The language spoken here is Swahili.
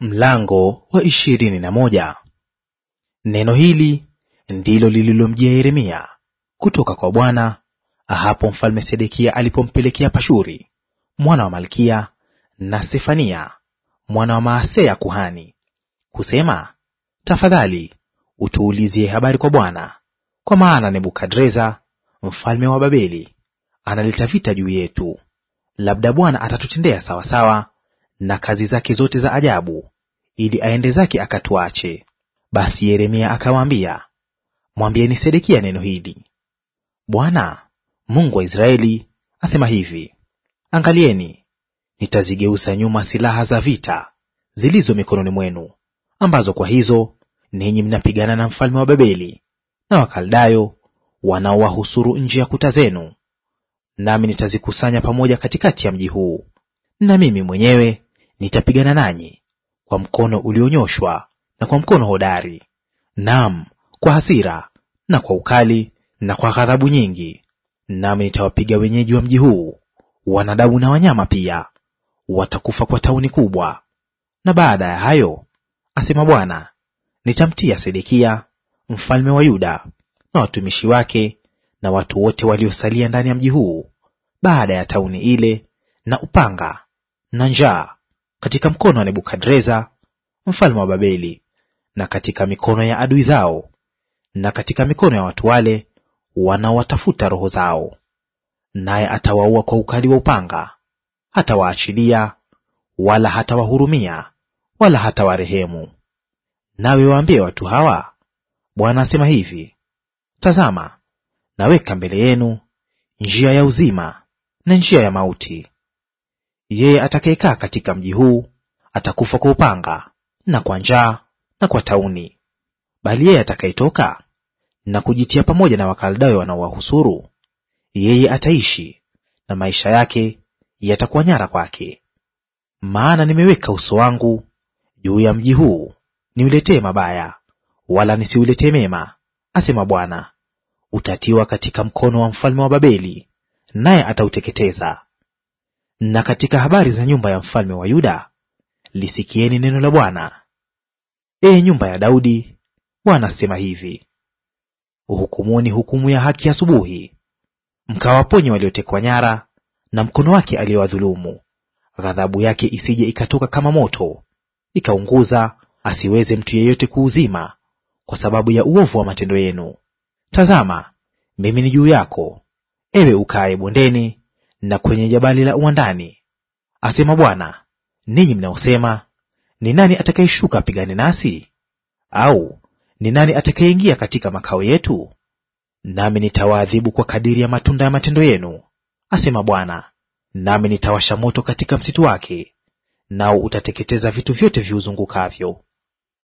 Mlango wa ishirini na moja. Neno hili ndilo lililomjia Yeremia kutoka kwa Bwana hapo mfalme Sedekia alipompelekea Pashuri mwana wa Malkia na Sefania mwana wa Maaseya kuhani kusema, tafadhali utuulizie habari kwa Bwana, kwa maana Nebukadreza mfalme wa Babeli analeta vita juu yetu; labda Bwana atatutendea sawasawa na kazi zake zote za ajabu, ili aende zake akatuache. Basi Yeremia akawaambia, mwambieni Sedekia neno hili, Bwana Mungu wa Israeli asema hivi, angalieni, nitazigeuza nyuma silaha za vita zilizo mikononi mwenu, ambazo kwa hizo ninyi mnapigana na mfalme wa Babeli na Wakaldayo wanaowahusuru nje ya kuta zenu, nami nitazikusanya pamoja katikati ya mji huu, na mimi mwenyewe nitapigana nanyi kwa mkono ulionyoshwa na kwa mkono hodari, naam, kwa hasira na kwa ukali na kwa ghadhabu nyingi. Nami nitawapiga wenyeji wa mji huu, wanadamu na wanyama pia, watakufa kwa tauni kubwa. Na baada ya hayo, asema Bwana, nitamtia Sedekia mfalme wa Yuda na watumishi wake na watu wote waliosalia ndani ya mji huu, baada ya tauni ile na upanga na njaa katika mkono wa Nebukadreza mfalme wa Babeli, na katika mikono ya adui zao, na katika mikono ya watu wale wanaowatafuta roho zao. Naye atawaua kwa ukali wa upanga, hatawaachilia wala hatawahurumia wala hatawarehemu. Nawe waambie watu hawa, Bwana asema hivi: Tazama, naweka mbele yenu njia ya uzima na njia ya mauti. Yeye atakayekaa katika mji huu atakufa kwa upanga na kwa njaa na kwa tauni; bali yeye atakayetoka na kujitia pamoja na Wakaldayo wanaowahusuru, yeye ataishi, na maisha yake yatakuwa nyara kwake. Maana nimeweka uso wangu juu ya mji huu, niuletee mabaya, wala nisiuletee mema, asema Bwana. Utatiwa katika mkono wa mfalme wa Babeli, naye atauteketeza na katika habari za nyumba ya mfalme wa Yuda, lisikieni neno la Bwana. Ee nyumba ya Daudi, Bwana asema hivi: Hukumuni hukumu ya haki asubuhi, mkawaponye waliotekwa nyara na mkono wake aliyewadhulumu, ghadhabu yake isije ikatoka kama moto ikaunguza, asiweze mtu yeyote kuuzima, kwa sababu ya uovu wa matendo yenu. Tazama, mimi ni juu yako, ewe ukae bondeni na kwenye jabali la uwandani, asema Bwana. Ninyi mnaosema ni nani atakayeshuka apigane nasi? Au ni nani atakayeingia katika makao yetu? Nami nitawaadhibu kwa kadiri ya matunda ya matendo yenu, asema Bwana. Nami nitawasha moto katika msitu wake, nao utateketeza vitu vyote viuzungukavyo.